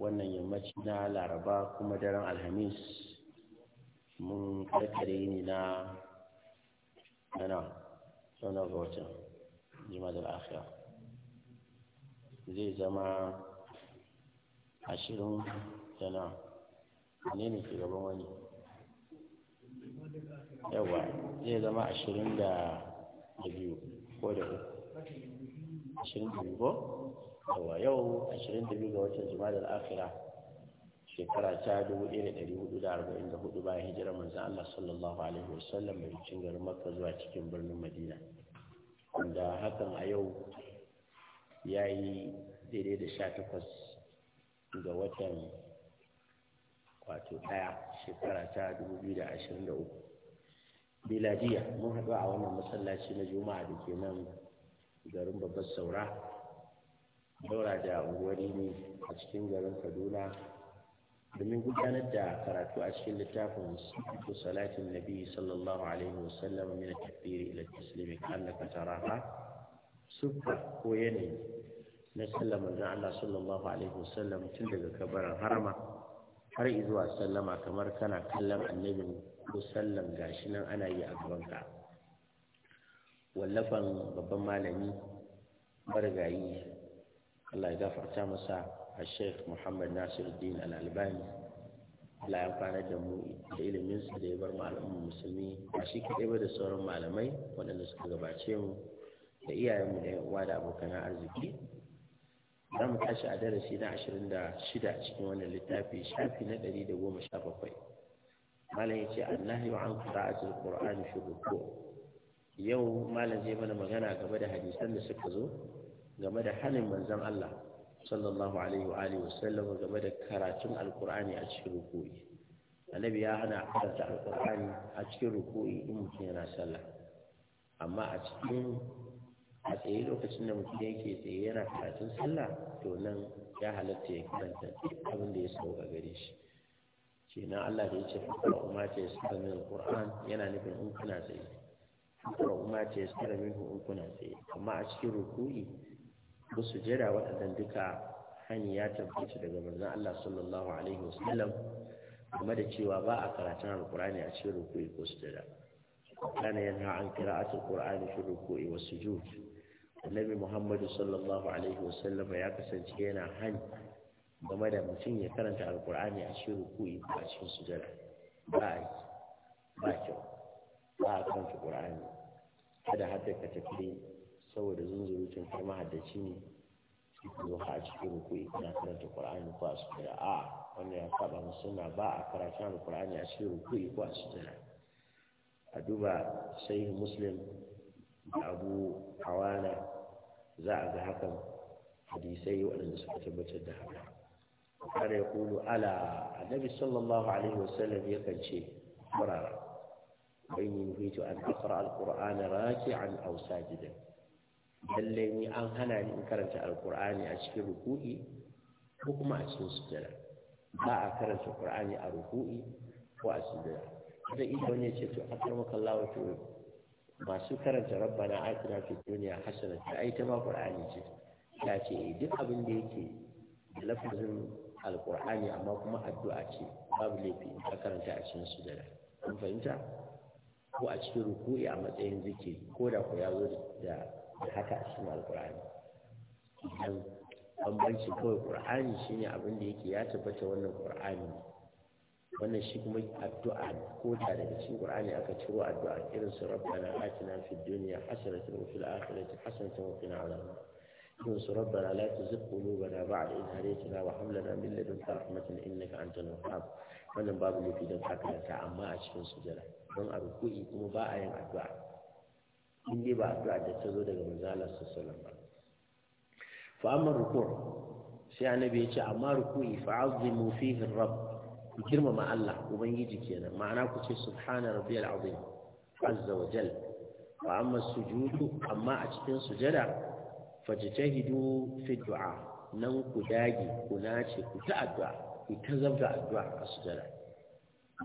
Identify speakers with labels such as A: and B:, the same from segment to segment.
A: wannan yammaci na laraba kuma daren alhamis mun karkare ni na ana sanar ga watan jima da lafiya zai zama ashirin dana ne ne ke gaban wani yawa zai zama ashirin da biyu ko da uku ashirin da biyu ko yawa yau 22 ga watan jima'a afira shekara ta 1444 bayan hijirar manzan Allah sallallahu alaihi wasallam mai cikin garin makka zuwa cikin birnin madina wanda hakan a yau ya yi daidai da 18 ga watan wato daya shekara ta 2023 biladiya mun haɗu a wannan masallaci na juma'a da ke nan garin babbar saura daura da unguwari ne a cikin garin kaduna domin gudanar da karatu a cikin littafin sukutu salatin nabi sallallahu alaihi wasallam min takbiri ila taslimi annaka taraha sukka ko yanayi na sallar manzon Allah sallallahu alaihi wasallam tun daga kabarin harama har zuwa sallama kamar kana kallon annabin ko sallan gashi nan ana yi a ka wallafan babban malami marigayi Allah ya gafarta masa a Sheikh Muhammad Nasiru Al-Albani Allah ya fara da mu da ilimin sa da ya bar malamin musulmi a shi kaɗai ba da sauran malamai waɗanda suka gabace mu da iyayenmu da uwa da abokan arziki za mu tashi a darasi na ashirin da shida cikin wannan littafi shafi na ɗari da goma sha bakwai malam ya ce annahi wa an qira'atul qur'ani fi ruku' yau malam zai mana magana game da hadisan da suka zo game da halin manzon Allah sallallahu alaihi wa alihi wasallam game da karatun alkur'ani a cikin ruku'i annabi ya hana karanta alkur'ani a cikin ruku'i in mutum yana sallah amma a cikin a tsaye lokacin da mutum yake tsaye yana karatun sallah to nan ya halatta ya karanta abin da ya sauka gare shi kenan Allah da ya ce fakara umma ta yasara min alkur'an yana nufin in kuna tsaye fakara umma ta yasara min in kuna tsaye amma a cikin ruku'i ko sujada waɗannan duka hani ya tabbata daga manzon Allah sallallahu alaihi wasallam game da cewa ba a karatun alkur'ani a cikin ruku'i ko sujada kana yanha an qira'atul qur'ani shi ruku'i was sujud annabi Muhammad sallallahu alaihi wasallam ya kasance yana hani game da mutum ya karanta alkur'ani a cikin ruku'i ko a cikin sujada ba ba kyau ba a karanta qur'ani kada hatta ka tafi saboda zunzurutun kai mahaddaci ne shi ka zo a cikin ruku'i kana karanta qur'ani ko a sujjada a wannan ya saba mu suna ba a karanta qur'ani a cikin ruku'i ko a sujjada a duba sahih muslim da abu hawana za a ga hakan hadisai waɗanda suka tabbatar da haka kar ya kulu ala annabi sallallahu alaihi wasallam yakan ce barara bai ni nuhitu an aqra alqur'ana raki'an aw sajidan lalle ni an hana ni in karanta alkur'ani a cikin ruku'i ko kuma a cikin sujjada ba a karanta qur'ani a ruku'i ko a sujjada da ido ne ce to akramakallahu to masu karanta rabbana atina fid dunya hasanatan ai ta ba qur'ani ce ta ce eh, duk abin da yake da lafazin alkur'ani amma kuma addu'a ce babu laifi a karanta a cikin sujjada kun fahimta ko a cikin ruku'i a matsayin zikiri ko da ku ya zo da da haka a cikin alkur'ani idan bambanci kawai ƙur'ani shi ne abinda yake ya tabbata wannan ƙur'ani. wannan shi kuma addu'a ko da daga cikin ƙur'ani aka ciro addu'a irin su rabbana atina fid dunya hasanatan wa fil akhirati hasanatan wa qina adhaban irin su rabbana la tuzigh qulubana ba'da idh hadaytana wa hab lana min ladunka rahmatan innaka antal wahhab wannan babu laifi don haka amma a cikin sujada don a ruku'i kuma ba a yin addu'a in dai ba addu'a da ta zo daga manzo Allah sallallahu ba fa amma ruku' sai annabi ya ce amma ruku'i fa azimu fihi rabb ku girmama Allah ubangiji kenan ma'ana ku ce subhana rabbiyal azim azza wa jal wa amma sujudu amma a cikin sujada fajtahidu fi du'a nan ku dage ku nace ku ta addu'a ku ta zabda addu'a a sujada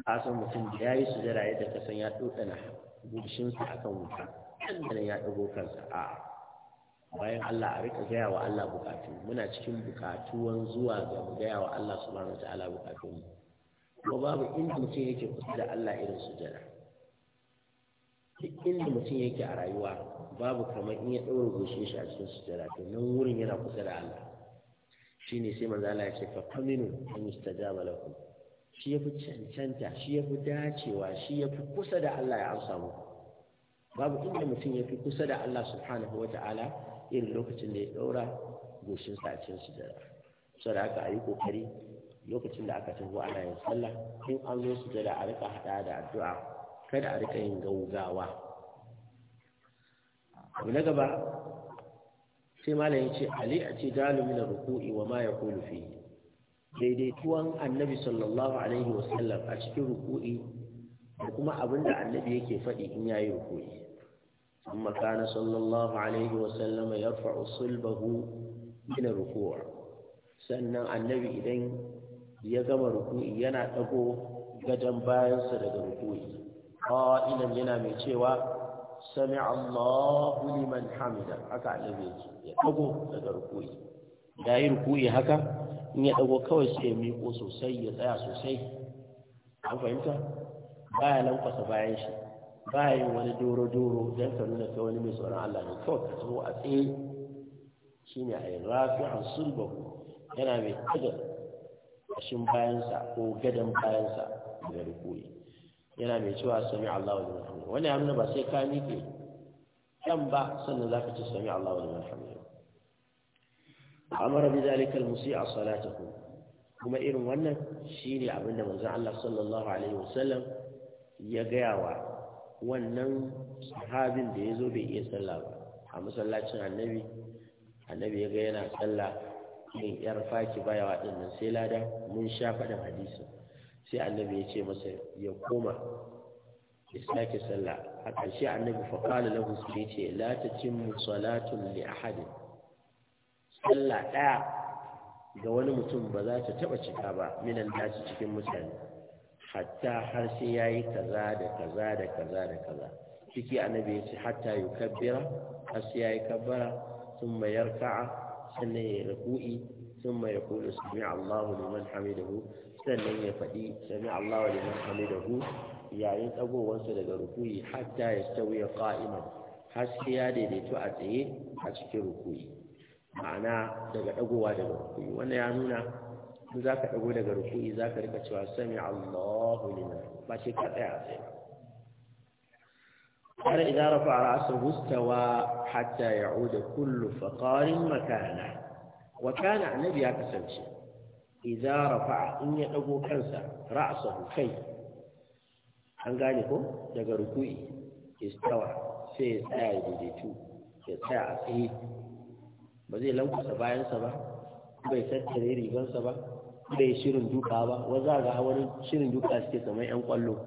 A: ka san mutum da yayi sujada yadda ka san ya dodana gushin sa akan wuta nan ya ɗago kansa a bayan Allah a rika gaya wa Allah bukatu muna cikin bukatuwan zuwa ga mu gaya wa Allah subhanahu wataala bukatun mu kuma babu inda mutum yake kusa da Allah irin sujada duk inda mutum yake a rayuwa babu kamar in ya ɗaura goshin shi a cikin sujada to nan wurin yana kusa da Allah Shi ne sai manzo Allah ya ce fa kaminu an yustajaba lakum shi yafi cancanta shi yafi dacewa shi yafi kusa da Allah ya amsa muku babu inda mutum ya fi kusa da Allah subhanahu wa ta'ala irin lokacin da ya ɗaura goshinsa a cikin sujada saboda haka aka yi ƙoƙari lokacin da aka taho ana yin sallah in an zo su da a rika haɗa da addu'a kada a rika yin gaugawa abu na gaba sai malam ya ce ali a ce dalu mina ruku'i wa ma yaqulu fi daidaituwan annabi sallallahu alaihi wasallam a cikin ruku'i da kuma abin da annabi yake faɗi in yayi ruku'i makana كان صلى الله عليه وسلم يرفع صلبه من الركوع sannan annabi idan ya gama ruku'i yana ɗago gadon bayansa daga ruku'i ƙa'ilan yana mai cewa sami allahu liman hamida haka annabi ya ɗago daga ruku'i da yi ruku'i haka in ya ɗago kawai sai ya miƙo sosai ya tsaya sosai an fahimta baya lankwasa bayan shi ba yin wani doro-doro don ta nuna ta wani mai tsoron Allah ne kawai ka taho a tsaye shi ne a yi rafi a sulbahu yana mai tagar ƙashin bayansa ko gadon bayansa daga rukuri yana mai cewa sami Allah wa liman hamdu wani hamdu ba sai ka miƙe kan ba sannan za ka ci sami Allah wa liman hamdu amara bi zalika al-musii a ku. kuma irin wannan shine abinda manzon Allah sallallahu alaihi wasallam ya gaya wa wannan sahabin da ya zo bai iya sallah ba a masallacin annabi annabi ya ga yana sallah min yar faki baya wa dinnan sai lada mun sha faɗin hadisi sai annabi ya ce masa ya koma ya sake sallah a ƙarshe annabi fa qala lahu sai ce la tatimmu salatun li ahad sallah ɗaya ga wani mutum ba za ta taɓa cika ba minan dace cikin mutane hatta har sai yayi kaza da kaza da kaza da kaza ciki annabi ya ce hatta yukabbira har sai yayi kabbara thumma yarka'a sannan ya ruku'i thumma yaqulu sami Allahu liman hamidahu sannan ya faɗi sami Allahu liman hamidahu yayin tsagowarsa daga ruku'i hatta ya sauya qa'iman har sai ya daidaito a tsaye a cikin ruku'i ma'ana daga dagowa daga ruku'i wannan ya nuna in za ka ɗago daga ruku'i za ka rika cewa sami Allahu liman ba ce ka tsaya A har idan rafa ra'asa gustawa hatta ya'uda kullu faƙarin makana wa kana annabi ya kasance idan rafa in ya ɗago kansa ra'asa kai an gane ko daga ruku'i istawa sai ya tsaya ya daidaitu ya tsaya a tsaye ba zai lankusa bayansa ba bai tattare rigansa ba bai shirin duka ba waza ga wani shirin duka suke kamar yan kwallo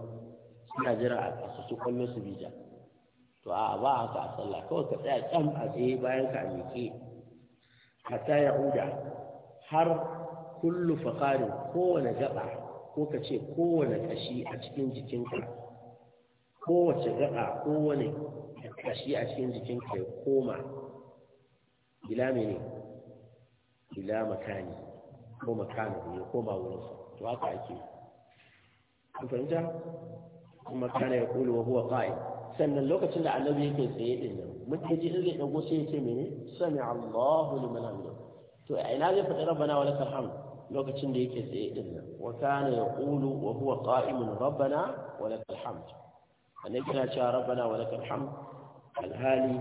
A: suna jira a su kwallo su bija to a ba haka a sallah kawai ka tsaya kyam a tsaye bayan ka miƙe hatta ya uda har kullu fakarin kowane gaba ko ka ce kowane kashi a cikin jikinka kowace gaba kowane kashi a cikin jikinka ya koma ila mene ila makani ko makanahu ko ba wurinsa to haka ake an fahimta kuma kana ya kulu wa huwa qa'id sannan lokacin da annabi yake tsaye din nan mutum ji zai dago sai ya ce mene sami Allahu liman hamdu to a ina zai faɗi rabbana wa lakal hamd lokacin da yake tsaye din nan wa kana ya kulu wa huwa qa'imun rabbana wa lakal hamd annabi yana cewa rabbana wa lakal hamd alhali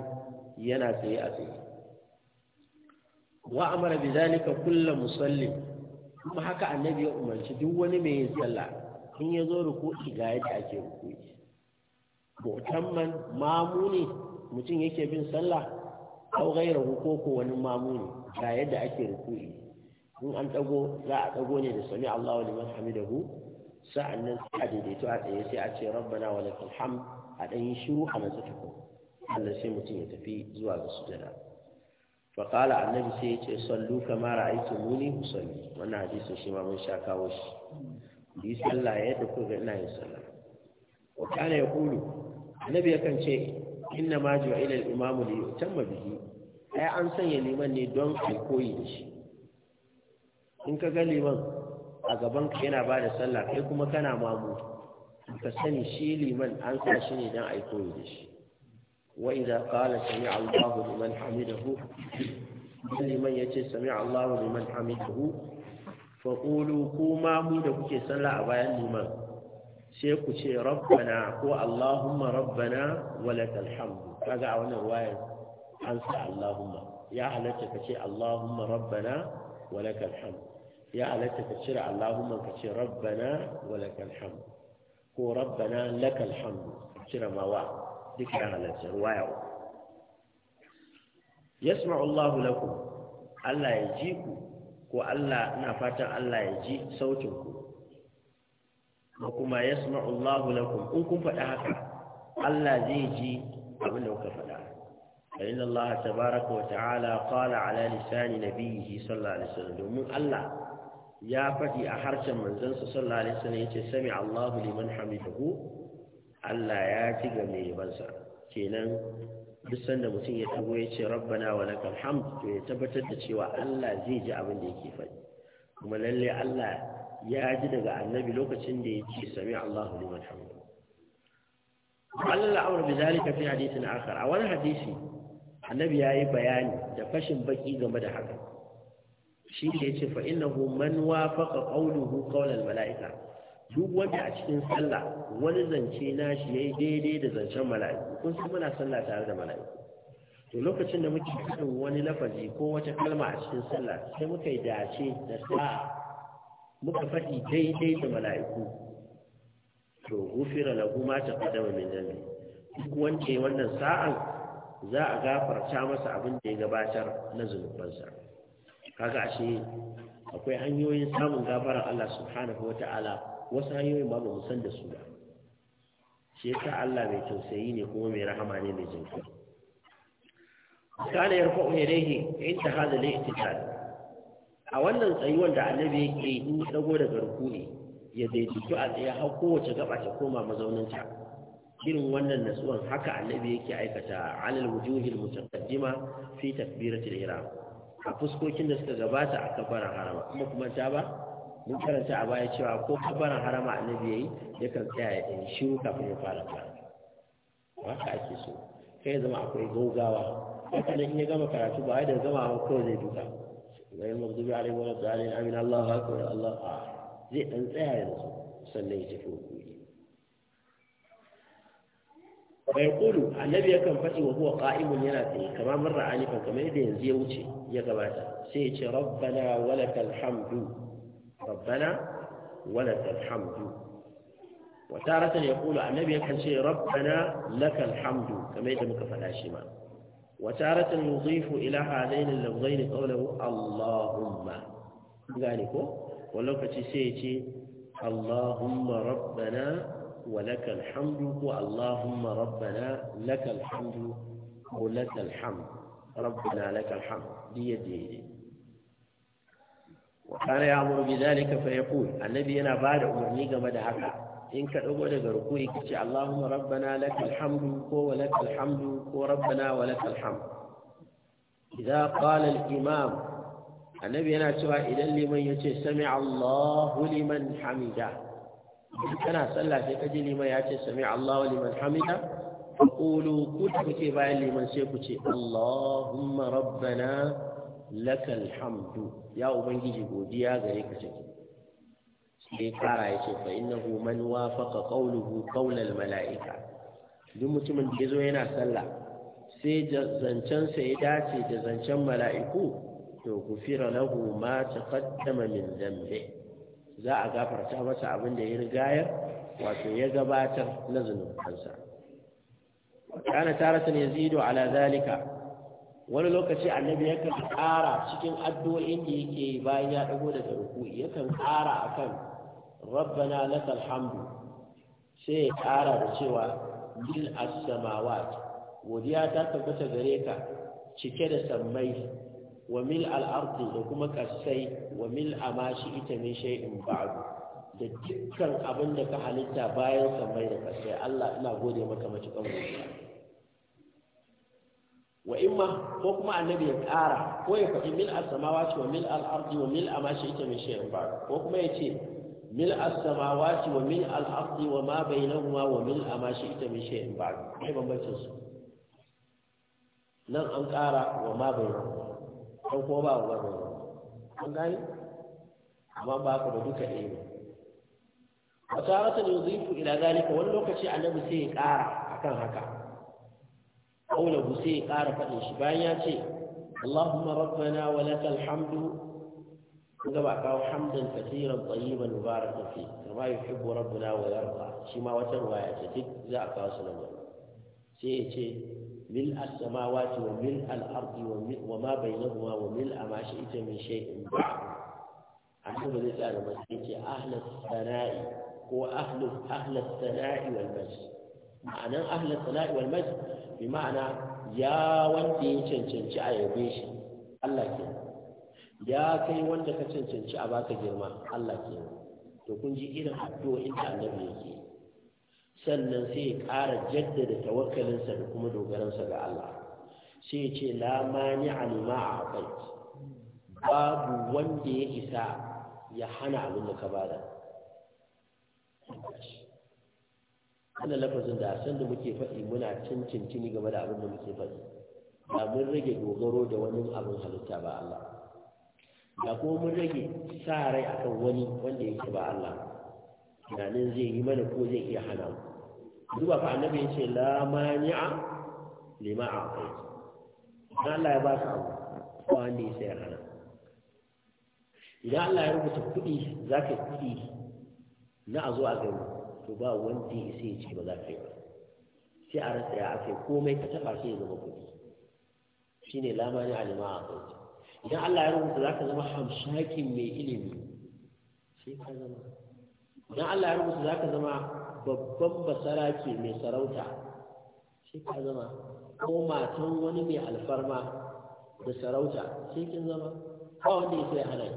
A: yana tsaye a tsaye wa amara bi zalika kullu musallin kuma haka annabi ya umarci duk wani mai yin sallah in ya zo ruku'i ga yadda ake ruku'i mutamman mamu mamuni mutum yake bin sallah ko gaira ko ko wani mamuni ga yadda ake ruku'i in an dago za a dago ne da sami Allahu liman hamidahu sa'annan sai a daidaito a tsaye sai a ce rabbana wa lakal hamd a dan yi shiru a matsa ko Allah sai mutum ya tafi zuwa ga sujada faƙala annabi sai ya ce sallu kama aiki muni musalli wannan hadisi shi ma mun sha kawo shi bi sallah yadda ku ga ina yin sallah wa kana yaqulu annabi yakan ce inna ma ju'a ila al-imam li yutamma bihi ai an sanya liman ne don ai koyi shi in ka ga liman a gaban ka yana bada sallah kai kuma kana mamu ka sani shi liman an sa shi ne don ai koyi da shi وإذا قال سمع الله لمن حمده لمن يتي سمع الله لمن حمده فقولوا كوما مودا كوكي صلى أبايا لمن سيكوشي ربنا هو اللهم ربنا ولك الحمد هذا عوانا رواية أنسى اللهم يا علتك شيء اللهم ربنا ولك الحمد يا علتك شيء اللهم كشي ربنا ولك الحمد هو ربنا لك الحمد شيء ما واحد da ya waya ruwaya uku yasma'u Allahu lakum Allah ya ji ku ko Allah na fatan Allah ya ji sautin ku ko kuma yasma'u Allahu lakum in kun faɗa haka Allah zai ji abin da kuka faɗa فإن الله تبارك وتعالى قال على لسان نبيه صلى الله عليه وسلم ومن الله يا فتي أحرش من زنس صلى الله عليه وسلم سمع الله Allah ya ci ga mai yabansa kenan duk sanda mutum ya tago ya ce rabbana wa lakal hamd to ya tabbatar da cewa Allah zai ji abin da yake faɗi kuma lalle Allah ya ji daga annabi lokacin da ya ce sami Allahu liman hamd Allah al'amr bi zalika fi hadithin akhar a wani hadisi annabi ya yi bayani da fashin baki game da haka shi ne ya ce fa innahu man wafaqa qawluhu qawla mala'ika duk wanda a cikin sallah wani zance nashi yayi daidai da zancen mala'iku kun san muna sallah tare da mala'iku to lokacin da muke cikin wani lafazi ko wata kalma a cikin sallah sai muka yi dace da sa muka faɗi daidai da mala'iku to gufira ta ma wa min dhanbi duk wanda wannan sa'an za a gafarta masa abin da ya gabatar na zunubansa kaga ashe akwai hanyoyin samun gafaran Allah subhanahu wata'ala wasu hanyoyin ba mu san da su ba shi yasa Allah mai tausayi ne kuma mai rahama ne mai jinki kana yarfa yadayhi inda hada al-i'tidal a wannan tsayuwar da annabi yake in ya dago daga rukuni ya daidaitu a tsaye har kowace gaba ta koma mazauninta irin wannan natsuwan haka annabi yake aikata alal wujuhil mutaqaddima fi takbiratil ihram a fuskokin da suka gabata a kafaran harama kuma kuma ta ba mun karanta a baya cewa ko kabarin harama annabi yayi kan tsaya ya yi shiru kafin ya fara fara haka ake so kai zama akwai gaugawa haka nan ya gama karatu ba ai da gama ba ko zai duka bayan mabdubi alaihi wa sallam amin Allahu akbar Allah zai dan tsaya yanzu sannan ya tafi hukumi bai kulu annabi kan faɗi wa huwa qa'imun yana tsaye kamar mun ra'ani kan kamar yadda yanzu ya wuce ya gabata sai ya ce rabbana walakal hamdu rabbana wala alhamdu wa taratan yaqulu annabi yakan ce rabbana lakal hamdu da yadda muka faɗa shi ma wa taratan yudhifu ila hadain al-lafzain qawluhu ko wannan sai ya ce allahumma rabbana ولك الحمد اللهم ربنا لك الحمد ولك الحمد ربنا لك الحمد دي وكان يأمر بذلك فيقول النبي أنا بعد أمرني كما دعك إن كأبو لغرقوي كتي اللهم ربنا لك الحمد ولك الحمد وربنا ولك الحمد إذا قال الإمام النبي أنا سوى إلى لمن يتي سمع الله لمن حمده كان صلى سيكجي لمن يتي سمع الله لمن حمده فقولوا كتبتي بأي لمن سيكتي اللهم ربنا lakal hamdu ya ubangiji godiya gare ka ce sai kara ya ce fa innahu man wafaqa qawluhu qawlal mala'ika duk mutumin da yazo yana sallah sai zancen sa ya dace da zancen mala'iku to gufira lahu ma taqaddama min dambe. za a gafarta masa abin da ya rigayar wato ya gabatar na zunubansa kana taratan yazidu ala zalika wani lokaci annabi kan ƙara cikin addu'o'in da yake bayan ya dago daga Ya kan ƙara akan rabbana lakal hamdu sai ya ƙara da cewa lil as-samawat godiya ta tabbata gare ka cike da sammai wa mil al-ardi da kuma kasai wa mil amashi ita min shay'in ba'du da dukkan abin da ka halitta bayan sammai da kasai Allah ina gode maka matuƙan godiya wa imma ko kuma annabi ya ƙara ko ya faɗi mil as-samawati wa mil al-ardi wa mil ma shi ita mai shirin ba ko kuma ya ce mil as-samawati wa mil al-ardi wa ma bainahuma wa mil ma shi ita mai shirin ba kai bambancin su nan an ƙara wa ma bainahuma ko ba wa bainahuma an gani amma ba ka da duka ɗaya ne wa taratan yuzifu ila zalika wani lokaci annabi sai ya ƙara akan haka قوله سي قال فإن شباياتي اللهم ربنا ولك الحمد
B: كما قال حمدا كثيرا طيبا مباركا فيه كما يحب ربنا ويرضى شما وترواية تك ذاك وسلم
A: سيتي ملء السماوات وملء الأرض وما بينهما وملء ما شئت من شيء بعد أحمد الإسلام مسيتي أهل الثناء هو أهل أهل الثناء والمجد ma'anan ahlul sana'i wal majd bi ma'ana ya wanda ya cancanci a yabe shi Allah ke ya kai wanda ka cancanci a baka girma Allah ke to kun ji irin addu'a inda allah yake sannan sai ya ƙara jaddada tawakkalinsa da kuma dogaransa ga Allah sai ya ce la mani alima a akwai babu wanda ya isa ya hana abin da ka bada wannan lafazin da san da muke faɗi muna cincincini game da abin da muke faɗi ba mun rage dogaro da wani abin halitta ba Allah da kuma mun rage sa rai akan wani wanda yake ba Allah tunanin zai yi mana ko zai iya hana mu duba fa annabi ya ce la mani'a lima aqai idan Allah ya ba ka abu ba wanda ya hana idan Allah ya rubuta kuɗi za ka kuɗi na a zo a gani to ba wanda ya sai ya ce ba za ka yi ba sai a rasa ya aka komai ka taɓa sai ya zama kuɗi shi ne lamani alima a kai idan Allah ya rubuta za ka zama hamshakin mai ilimi sai ka zama idan Allah ya rubuta za ka zama babban basarake mai sarauta sai ka zama ko matan wani mai alfarma da sarauta sai kin zama ba wanda ya sai hana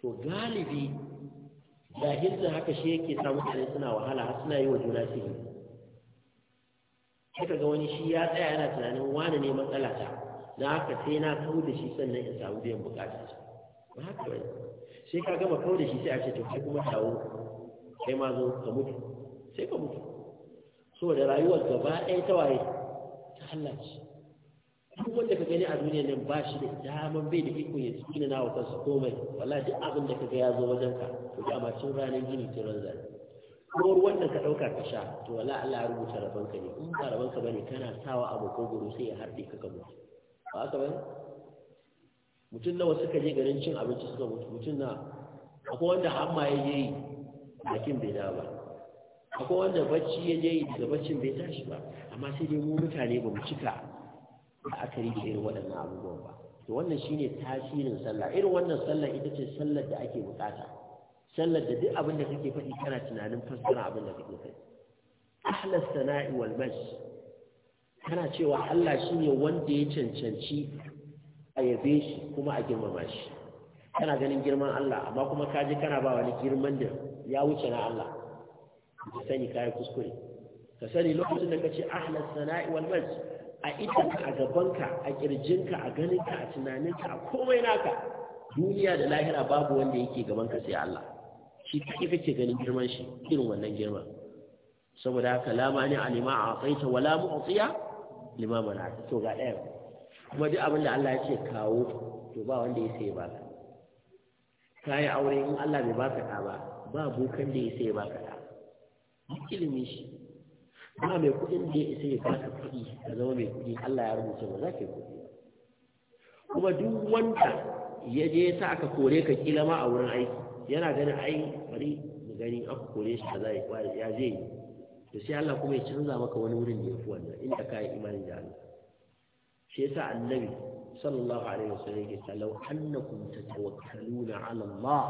A: to galibi Da jahilcin haka shi yake sa mutane suna wahala har suna yi wa juna sihi sai ga wani shi ya tsaya yana tunanin wani ne matsala ta na haka sai na kawo da shi sannan in samu biyan bukata ba haka bai sai ka gama kawo da shi sai a ce to kai kuma shawo. kai ma zo ka mutu sai ka mutu saboda rayuwar gaba ɗaya ta waye ta hallace duk wanda ka gani a duniya nan ba shi da daman bai da ikon ya cikin na wa kansa komai wallahi duk abin da ka ga ya zo wajen ka to da ma cin ranar gini ce ran zai ko wanda ka dauka ka sha to wallahi Allah ya rubuta rabon ka ne in ba rabon ka bane kana sawa abu ko guru sai ya harbe ka ka mutu ba haka bane mutum nawa suka je garin cin abinci suka mutu mutum na akwai wanda hamma ya je yi bakin bai dawo ba akwai wanda bacci ya je yi da baccin bai tashi ba amma sai dai mu mutane ba mu cika la'akari da irin waɗannan abubuwan ba to wannan shine tasirin sallah irin wannan sallah ita ce sallar da ake bukata sallar da duk abin da kake faɗi kana tunanin fassara abin da kake faɗi ahla sana'i wal mash kana cewa Allah shine wanda ya cancanci a yabe shi kuma a girmama shi kana ganin girman Allah amma kuma ka je kana ba wani girman da ya wuce na Allah ka sani kai kuskure ka sani lokacin da kace ahla sana'i wal mash a idanka a gabanka a kirjinka a ganinka a tunaninka a komai naka duniya da lahira babu wanda yake gabanka sai Allah shi kake kake ganin girman shi irin wannan girman saboda haka lama ne alima a tsaita wala mu'tiya lima mana to ga ɗaya kuma duk abin da Allah ya ce kawo to ba wanda ya sai baka kayan aure in Allah bai baka ɗa ba ba bukan da ya sai baka ɗa ilimi shi ba mai kuɗin da ya isa ya baka kuɗi ka zama mai kuɗi Allah ya rubuta ba za ka yi kuɗi kuma duk wanda ya je ya sa aka kore ka kila ma a wurin aiki yana ganin ai bari mu gani aka kore shi ka kaza ya zai yi to sai Allah kuma ya canza maka wani wurin da ya fi wannan inda ka yi imanin da Allah shi yasa annabi sallallahu alaihi wasallam yake ta law annakum tatawakkaluna ala Allah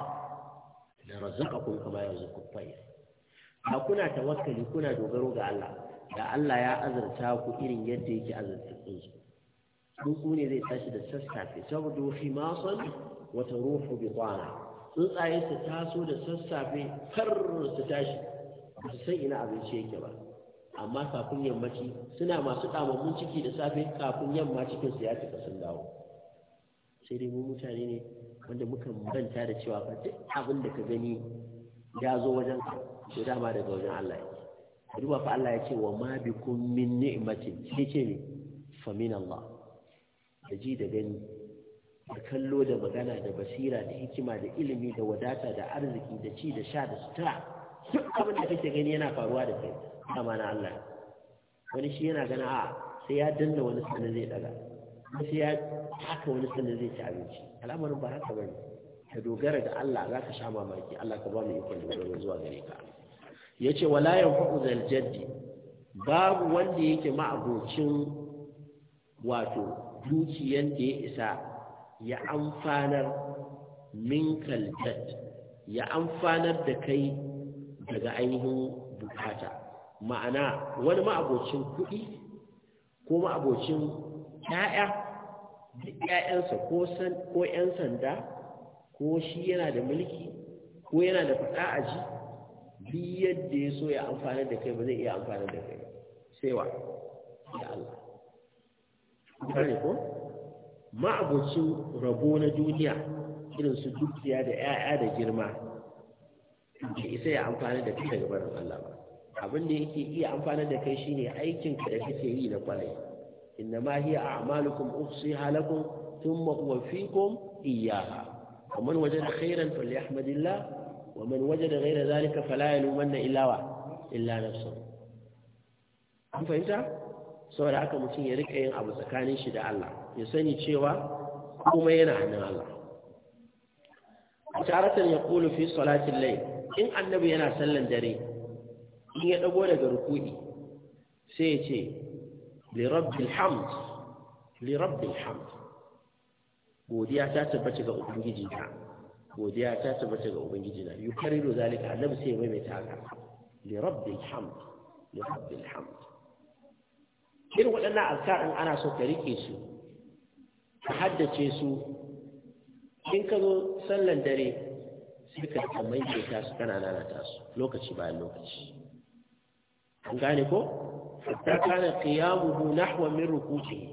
A: la razaqakum kama yarzuqu at-tayr A kuna tawakkali kuna dogaro ga Allah da Allah ya azurta ku irin yadda yake azurta tsuntsu ku ne zai tashi da sassafe saboda fi masan wata taruhu bi kwana tsuntsaye ta taso da sassafe har su tashi ba su san ina abinci yake ba amma kafin yammaci suna masu damammun ciki da safe kafin yamma cikin su ya cika sun dawo sai dai mu mutane ne wanda muka manta da cewa fa duk abin da ka gani ya zo wajen to dama daga wajen Allah ya duba fa Allah ya ce wa ma kun min ni'matin shi ce ne fa min Allah da ji da gani da kallo da magana da basira da hikima da ilimi da wadata da arziki da ci da sha da sutura duk abin da kake gani yana faruwa da kai amma na Allah wani shi yana gana a sai ya danna wani sanin zai daga sai ya haka wani sanin zai ci abinci al'amarin ba haka bane ka dogara da Allah za ka sha mamaki Allah ka ba mu ikon dogaro zuwa gare ka ya ce wala yanfa'u zal jaddi babu wanda yake ma'abocin wato dukiyan da ya isa ya amfanar min kaljad ya amfanar da kai daga ainihin bukata ma'ana wani ma'abocin kuɗi ko ma'abocin 'ya'ya da 'ya'yansa ko 'yan sanda ko shi yana da mulki ko yana da faɗa a ji bi yadda ya so ya amfana da kai ba zai iya amfana da kai sai wa da Allah kare ko ma'abocin rabo na duniya irin su dukiya da 'ya'ya da girma da isa ya amfana da kai daga barin Allah ba abin da yake iya amfana da kai shine aikin ka da kake yi na kwarai inna ma hiya a'malukum ufsiha lakum thumma uwaffikum iyyaha ومن وجد خيرا فليحمد الله ومن وجد غير ذلك فلا يلومن إلا وعلا illa nafsu an fahimta saboda haka mutum ya rika yin abu tsakanin shi da Allah ya sani cewa kuma yana hannun Allah taratan ya kulu fi salatin lai in annabi yana sallan dare in ya dago daga rukudi sai ya ce li rabbil hamd li rabbil hamd godiya ta tabbace ga ubangiji ta godiya ta tabbace ga ubangiji na yukariru zalika annabi sai mai ta haka li rabbil hamd li rabbil hamd irin waɗannan azkar in ana so ka rike su ka haddace su in ka zo sallan dare sai ka kamar ke ta su kana lalata su lokaci bayan lokaci an gane ko ta kana qiyamuhu nahwa min rukuki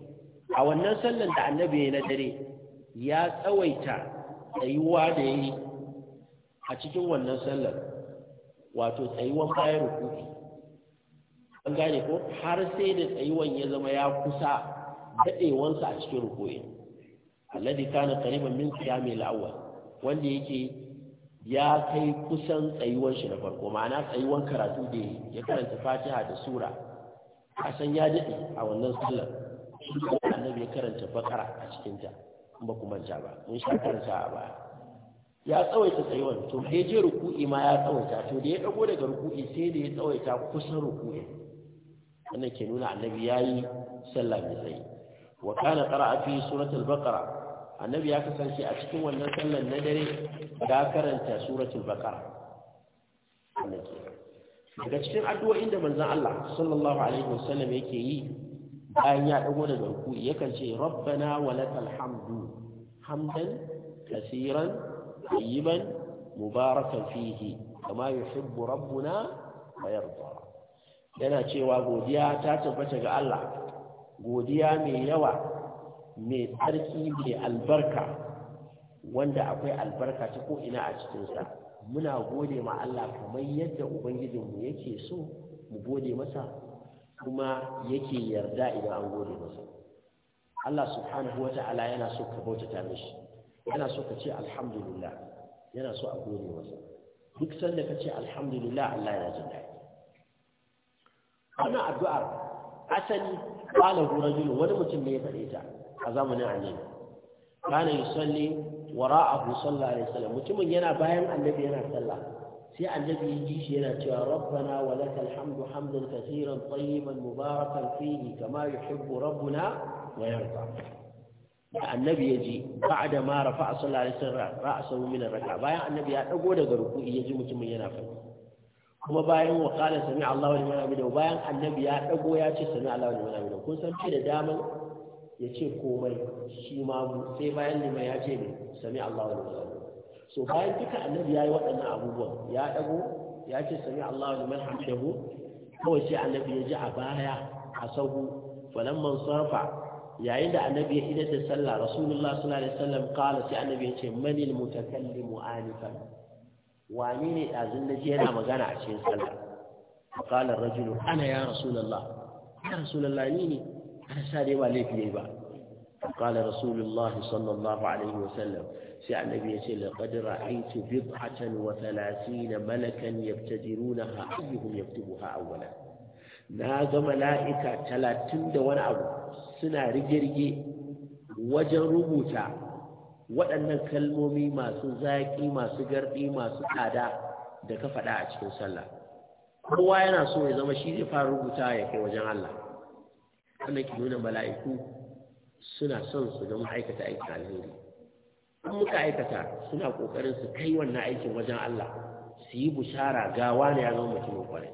A: a wannan sallan da annabi ya na dare ya tsawaita tsayuwa da ya yi a cikin wannan sallar wato tsayuwan bayan rukuki an gane ko har sai da tsayuwan ya zama ya kusa daɗewansa a cikin rukuki alladhi kana qariban min qiyam al-awwal wanda yake ya kai kusan tsayuwan shi na farko ma'ana tsayuwan karatu da ya karanta Fatiha da sura a san ya daɗe a wannan sallar annabi ya karanta bakara a cikinta. ba ku manta ba mun sha a ba ya tsawaita tsayuwan to da ya je ruku'i ma ya tsawaita to da ya dago daga ruku'i sai da ya tsawaita kusan ruku'i wannan ke nuna annabi yayi sallah mai tsayi wa kana qara'a fi suratul baqara annabi ya kasance a cikin wannan sallan na dare da karanta suratul baqara daga cikin addu'o'in da manzon Allah sallallahu alaihi wasallam yake yi bayan ya dago daga ruku yakan ce rabbana walakal hamdu hamdan kasiran tayyiban mubarakan fihi kama yuhibbu rabbuna wa yarda yana cewa godiya ta tabbata ga Allah godiya mai yawa mai tsarki mai albarka wanda akwai albarka ta ko ina a cikinsa muna gode ma Allah kamar yadda ubangijinmu yake so mu gode masa kuma yake yarda idan an gode masa Allah subhanahu wa ta'ala yana so ka bauta ta mishi yana so ka ce alhamdulillah yana so a gode masa duk sanda ka ce alhamdulillah Allah yana jin daɗi wannan addu'ar asali qala rajul wani mutum ne ya faɗe ta a zamanin annabi kana yusalli wara'ahu sallallahu alaihi wasallam mutumin yana bayan annabi yana sallah sai annabi ya ji shi yana cewa rabbana wa lakal hamdu hamdan kaseeran tayyiban mubarakan fihi kama yuhibbu rabbuna wa yarda da annabi ya ji ba'da ma rafa'a sallallahu alaihi wasallam ra'sahu min ar-rak'a bayan annabi ya dago daga ruku'i ya ji mutumin yana fadi kuma bayan wa qala sami Allahu liman hamida bayan annabi ya dago ya ce sami Allahu liman hamida kun san ce da daman ya ce komai shi ma sai bayan liman ya ce sami Allahu liman hamida so bayan duka annabi ya yi waɗannan abubuwan ya ɗago ya ce sami Allah liman hamdahu kawai sai annabi ya ji a baya a sahu falan man sarfa yayin da annabi ya idar da sallah rasulullah sallallahu alaihi wasallam qala sai annabi ya ce manil mutakallimu anifan wani ne dazun naji yana magana a cikin sallah qala ar-rajul ana ya rasulullah ya rasulullah ni ne ana sa dai ba laifi ne ba qala rasulullah sallallahu alaihi wasallam sai annabi ya ce laqad ra'aytu bid'atan wa 30 malakan yabtajirunaha ayyuhum yaktubuha awwalan na ga mala'ika talatin da wani abu suna rige-rige wajen rubuta waɗannan kalmomi masu zaƙi masu garɗi masu tsada da ka faɗa a cikin sallah kowa yana so ya zama shi zai fara rubuta ya kai wajen Allah wannan ke nuna mala'iku suna son su ga ma'aikata aikin alheri an muka aikata suna kokarin su kai wannan aikin wajen Allah su yi bushara ga wani ya zama mutumin kwarai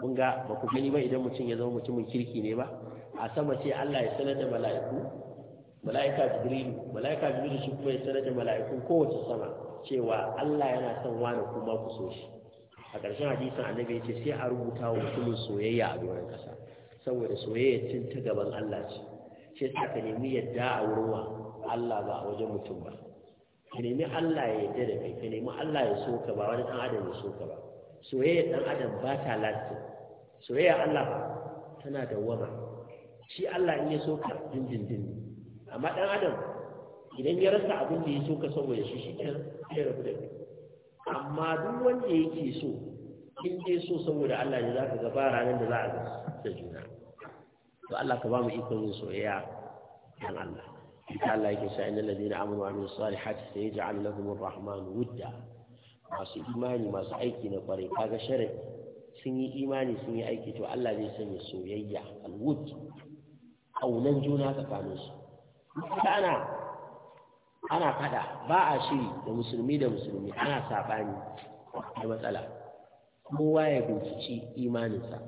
A: kun ga ba ku gani ba idan mutum ya zama mutumin kirki ne ba a sama ce Allah ya sanar da mala'iku mala'ika jibril mala'ika jibril shi kuma ya sanar da mala'ikun kowace sama cewa Allah yana son wani kuma ku so shi a ƙarshen hadisin annabi ya ce sai a rubuta wa mutumin soyayya a doron ƙasa saboda soyayya cin ta gaban Allah ce shi sa ka nemi yadda a wurin Allah ba a wajen mutum ba ka nemi Allah ya yadda da kai ka nemi Allah ya so ka ba wani dan adam ya so ka ba soyayya dan adam ba ta lati soyayya Allah tana da wama shi Allah in ya so ka dindindin amma dan adam idan ya rasa abin da ya so ka saboda shi shi ya rabu da kai amma duk wanda yake so in dai so saboda Allah ne za ka ga ba ranar da za a ga da juna to Allah ka ba mu ikon yin soyayya dan Allah insha Allah yake cewa innal ladina amanu wa amilus salihati sayaj'al lahum ar-rahmanu wudda masu imani masu aiki na ka kaga sharadi sun yi imani sun yi aiki to Allah zai sanya soyayya alwud aunan juna tsakanin su ana ana fada ba a shiri da musulmi da musulmi ana sabani da matsala kowa ya binciki imaninsa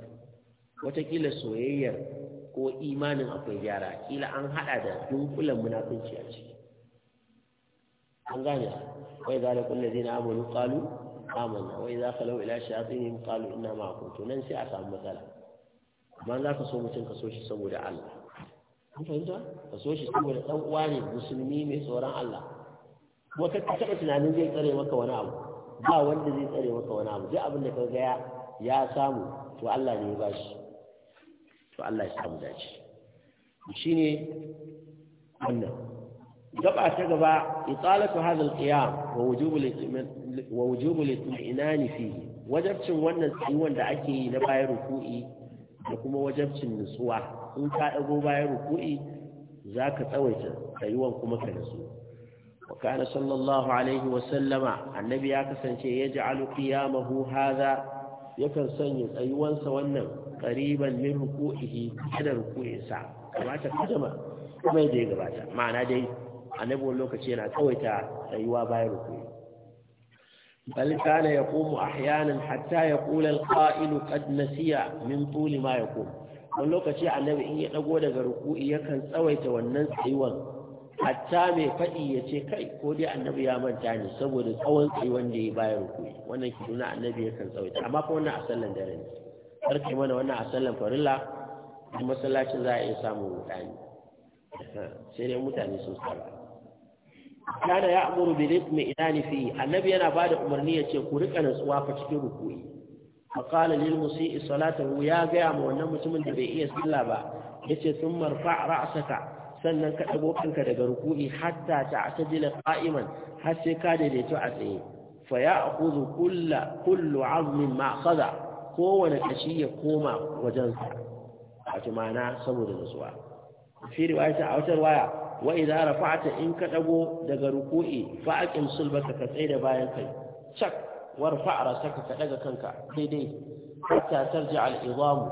A: watakila soyayyar ko imanin akwai gyara kila an hada da dunkulan munafunci a ciki an gane wai zalika allazina amanu qalu amanna za ka lau ila shayatinihim qalu inna ma'akum to nan sai a samu matsala amma za ka so mutum ka so shi saboda Allah an fahimta ka so shi saboda dan uwa ne musulmi mai tsoron Allah kuma ka taɓa tunanin zai tsare maka wani abu ba wanda zai tsare maka wani abu duk abin da ka ga ya samu to Allah ne ya bashi to Allah ya samu dace ne wannan gaba ta gaba italatu hadha alqiyam wa wujubul wa wujubul itminan fihi wajabcin wannan tsayuwan da ake yi na bayan ruku'i da kuma wajabcin nutsuwa in ka dago bayan ruku'i zaka tsawaita tsayuwan kuma ka nutsu wa kana sallallahu alaihi wa sallama annabi ya kasance ya yaj'alu qiyamahu hadha yakan sanya tsayuwansa wannan ƙariban min ruku'ihi da ruku'insa kamata ka kuma yadda ya gabata ma'ana dai annabi wani lokaci yana tsawaita tsayuwa bayan ruku'i bal kana yaqumu ahyanan hatta yaqula alqa'il qad nasiya min tuli ma yaqum wani lokaci annabi in ya dago daga ruku'i yakan tsawaita wannan tsayuwan hatta mai faɗi ya ce kai ko dai annabi ya manta ne saboda tsawon tsayi wanda ya bayar kuɗi. wannan ki nuna annabi ya kan tsawaita amma fa wannan asallan dare ne karke mana wannan asallan farilla a masallacin za a iya samun wuɗani sai dai mutane sun tsara kana ya amuru bi ina ni fi annabi yana bada umarni ya ce ku riƙa natsuwa fa cikin rukuyi a ƙala lil musii salatahu ya gaya ma wannan mutumin da bai iya sallah ba Ya ce sun marfa saka. sannan ka ɗago kanka daga ruku'i hatta ta ta'tadila ƙa'iman har sai ka daidaito a tsaye fa a kullu kullu azumin ma kowane kashi ya koma wajen A wato ma'ana saboda nutsuwa fi riwayata a wata riwaya wa idza rafa'ta in ka ɗago daga ruku'i fa aqim sulbaka ka tsaye da bayan kai chak warfa' rasaka ka ɗaga kanka daidai hatta tarji al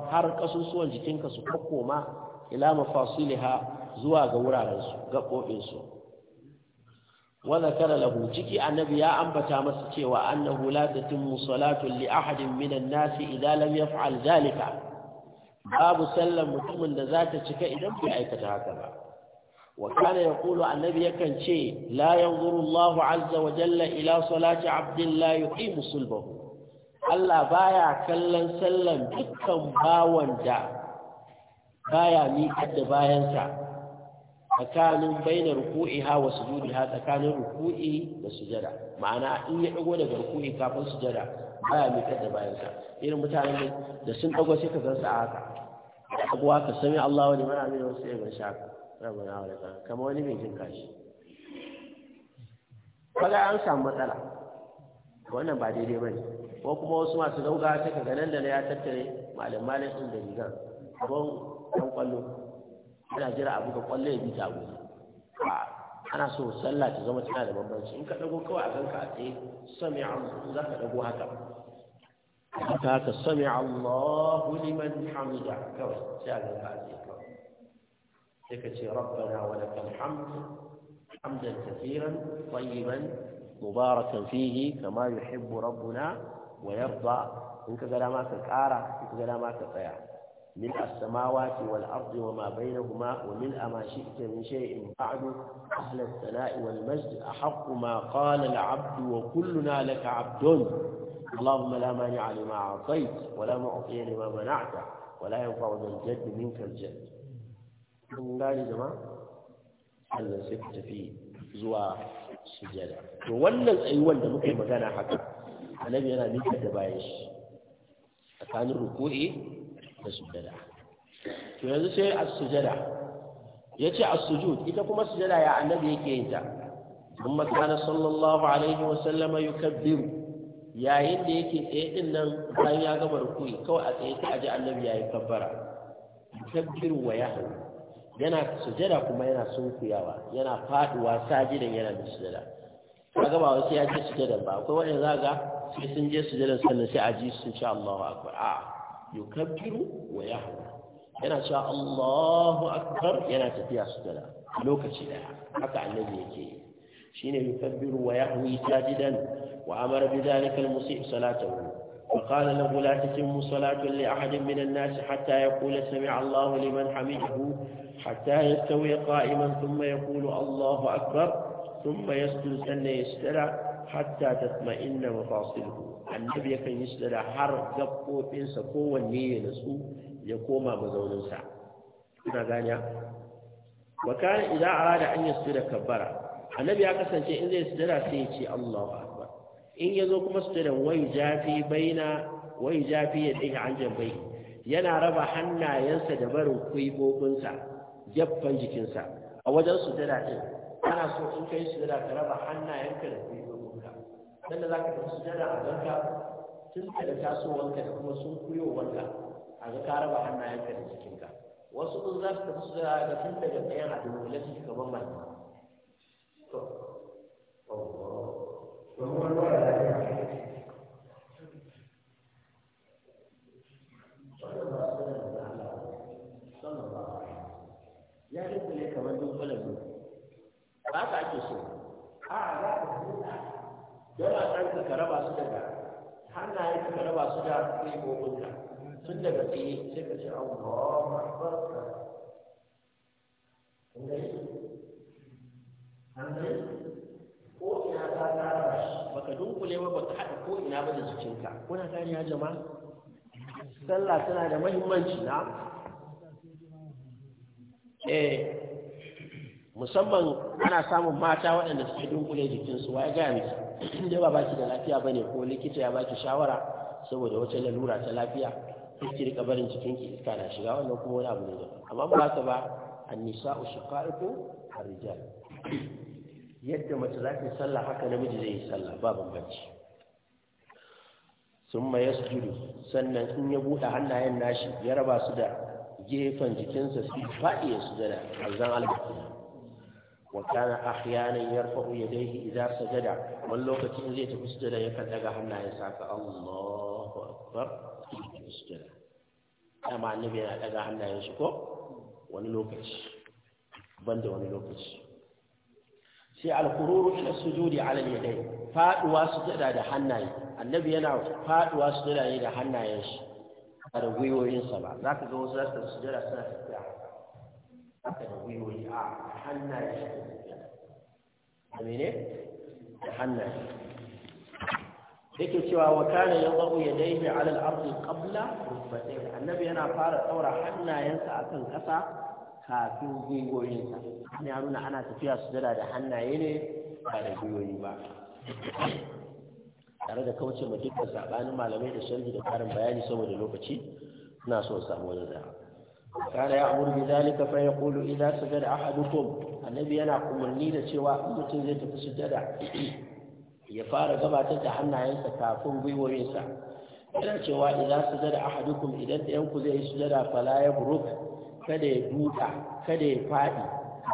A: har kasusuwan jikinka su kokkoma ila mafasiliha zuwa ga wurarensu ƙofinsu. wanda kara lahu ciki annabi ya ambata masa cewa annahu la tatimmu salatu li ahadin minan nasi idan lam yaf'al zalika babu sallan mutumin da za ta cika idan bai aikata haka ba wa kana yaqulu annabi yakan ce la yanzuru Allahu azza wa jalla ila salati abdin la yuqimu sulbahu Allah baya kallon sallan dukkan bawan da baya miƙar da bayansa tsakanin baina ruku'iha wa sujudiha tsakanin ruku'i da sujada ma'ana in ya dago daga ruku'i kafin sujada baya mika da sa irin mutanen da sun dago sai ka san sa haka dago haka sami Allah wani mana ne wasu ya gansha ka rabu na wani kamar wani mai jin kashi kaga an samu matsala wannan ba daidai bane ko kuma wasu masu dauga sai ka ganin da ya tattare malam malam din da rigar abun dan kwallo ana jira a ka kwallo ya bi ta gobe ana so sallah ta zama tana da bambanci in ka dago kawai a kanka a tsaye sami za ka dago haka haka haka sami Allahu liman hamida kawai sai a kanka a tsaye kawai sai ka ce rabbana wa lakal hamd hamdan kafiran tayyiban mubarakan fihi kama yuhibbu rabbuna wa yarda in ka ga dama ka kara in ka ga dama ka tsaya ملء السماوات والأرض وما بينهما وملء ما شئت من شيء بعد أهل الثناء والمجد أحق ما قال العبد وكلنا لك عبد اللهم لا مانع لما أعطيت ولا معطي لما منعت ولا ينفع ذا الجد منك الجد من قال يا جماعة هذا سكت فيه زوا سجدة wannan tsayuwan da muke مكانها حتى annabi yana nika da bayan الركوع ta sujada to yanzu sai a sujada Ya ce a sujud ita kuma sujada ya annabi yake yin ta amma kana sallallahu alaihi wa sallama yukabbiru yayin da yake tsaye din nan bayan ya gama rukui kawai a tsaye ta aji annabi yayi kabbara yukabbiru wa yahu yana sujada kuma yana sunkuyawa yana faduwa sajidan yana da sujada kaga ba sai ya ce sujada ba akwai wanda za sai sun je sujadan sannan sai a ji sun ce Allahu akbar a'a yukabbiru wa yahwa yana cewa Allahu akbar yana tafiya sujada lokaci daya haka annabi yake shine yukabbiru wa yahwi sajidan wa amara bi dhalika al-musih salatahu wa qala lahu la tatimmu salatu li ahadin min an-nas ya kula sami Allahu liman hamidahu hatta yastawi qa'iman thumma yaqulu Allahu akbar thumma yasjudu sanna yastara hatta tatma'inna mafasiluhu annabi yakan yi da har gaɓoɓinsa kowanne ya nasu ya koma mazauninsa kuna ganiya wa kana idan arada an yi da kabbara annabi ya kasance in zai da sai ya ce Allahu akbar in ya zo kuma da wai jafi baina wai jafi ya ɗaya an jambai yana raba hannayensa da barin kuibobinsa gefen jikinsa a wajen da ɗin ana so in kai da ka raba hannayenka da kuibobinsa dan da zaka tafi sujada a ganka tun da tasowanka da kuma sun wanka a ga ka raba hannayenka da jikinka wasu in za su da sujada ga tun daga tsayen a dunkule su gaban mai to ka raba su daga hannaye ka raba su da ko gwiwowinka tun daga tsaye sai ka ce An Akbar ko ina ka tara shi baka dunkule ba baka haɗa ko ina ba da jikinka kuna gani ya jama'a sallah tana da muhimmanci na eh musamman ana samun mata waɗanda suke dunkule jikinsu wa ya gaya miki da ba baki da lafiya bane ko likita ya baki shawara saboda wata lalura ta lafiya ki rika barin cikin ki iska na shiga wannan kuma wani abu ne da amma ba haka ba annisa nisau harijal yadda mace za ta sallah haka namiji zai yi sallah ba bambanci summa yasjudu sannan in ya buɗe hannayen nashi ya raba su da gefen jikinsa su faɗi ya sujada azan albarkuna وكان أحيانا يرفع يديه إذا سجد واللوكة إذا تسجد يكدق حنا يساك الله أكبر تسجد أما النبي يكدق حنا يشكو ونلوكة بند ونلوكة سي القرور إلى السجود على اليدين فادوا سجد على حنا النبي ينا فادوا سجد على حنا يش على ويوين سبع ذاك ذو سجد سجد سنة haka da gwiwoyi a hannaye a mene da hannaye yake cewa wa ya yadau yadayhi ala al-ardi qabla rukbatayhi annabi yana fara tsaura hannayensa akan ƙasa kafin gwiwoyinsa ne ya nuna ana tafiya su dada da hannaye ne ba da gwiwoyi ba tare da kauce ma dukkan sabanin malamai da sharhi da karin bayani saboda lokaci na so samu wani da ya idan كان يأمر بذلك فيقول annabi yana أحدكم da cewa mutum zai tafi su تفسجد ya fara gabatar da hannayensa kafin gwiwoyinsa yana cewa idan su sujada ahadukum idan yanku zai yi sujada fala ya buruk kada ya duka kada ya faɗi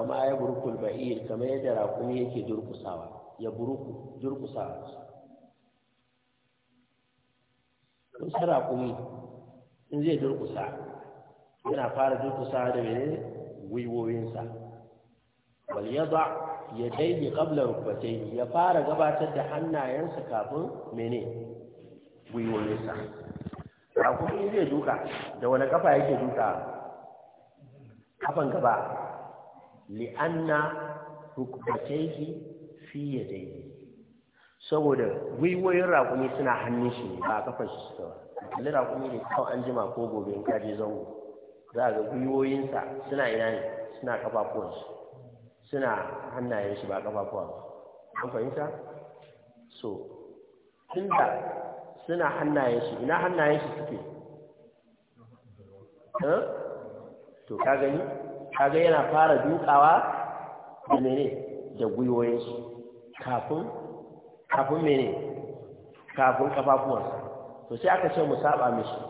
A: amma ya burukul ba'ir kama yadda rakumi yake ya ke durkusawa ya sa rakumi yana fara durkusa da mene gwiwowinsa bal yada yadayhi qabla rukbatai ya fara gabatar da hannayensa kafin mene gwiwowinsa a kuma in zai duka da wani kafa yake duka kafan gaba li'anna rukbatai fi yadayhi saboda gwiwoyin raƙumi suna hannun shi ba a shi suka ba kalli rakumi ne kawai an jima ko gobe in kaje zango za ga gwiwoyinsa suna ina ne suna kafafuwansu suna hannayen shi ba kafafuwa ba an fahimta so tunda suna hannayen shi ina hannayen shi suke to ka gani ka gani yana fara dukawa da mene da gwiwoyinsu kafin kafin mene kafin sa to sai aka ce mu saba mishi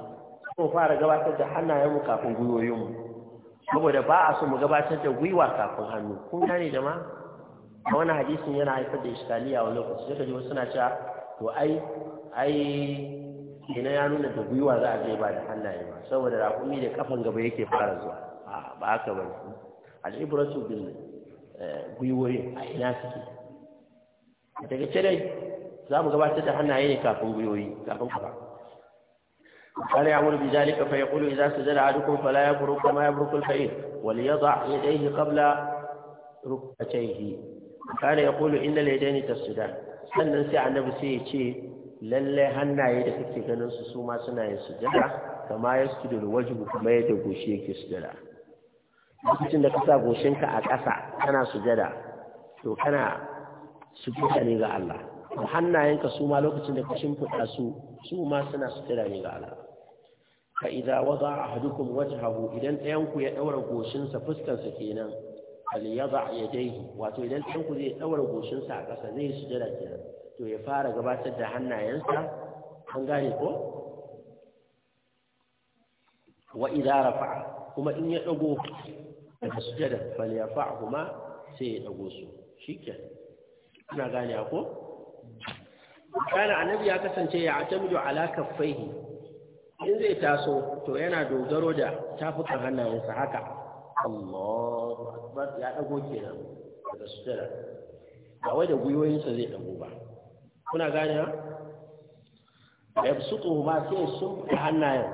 A: mu fara gabatar da hannayenmu kafin gwiwoyinmu saboda ba a so mu gabatar da gwiwa kafin hannu kun gane da ma a wani hadisin yana haifar da iskaliya wani lokaci sai ka suna cewa to ai ai ina ya nuna da gwiwa za a je ba da hannaye ba saboda raƙumi da kafan gaba yake fara zuwa ba haka ba al'ibratu bil eh, gwiwoyi a ina suke daga ce dai za mu gabatar da hannaye ne kafin gwiwoyi kafin kafa قال يعمل بذلك فيقول إذا سجد أحدكم فلا يبرك كما يبرك الفئير وليضع يديه قبل ركبتيه كان يقول إن اليدين تسجدان sannan sai annabi sai ya ce lallai hannaye da kake ganin su su ma suna yin sujada kama ya su da wajibu kuma yadda goshi yake sujada lokacin da ka sa goshinka a ƙasa kana sujada to kana sujada ne ga Allah to hannayenka su ma lokacin da ka shimfiɗa su su ma suna sutura ne ga Allah fa idza wada ahadukum wajhahu idan ɗayan ku ya daura goshinsa fuskarsa kenan fal yada yadayhi wato idan ɗayan ku zai daura goshinsa a ƙasa zai sujada kenan to ya fara gabatar da hannayensa an gane ko wa idza rafa'a kuma in ya dago daga sujada fal yafa'huma sai ya dago su shikenan ana gane ko kana annabi ya kasance ya atamidu ala kaffaihi in zai taso to yana dogaro da tafukan hannayensa haka Allahu akbar ya dago kenan daga sutura ba wai da gwiwoyinsa zai dago ba kuna gane ha yabsutuhu ma sai sun hannayen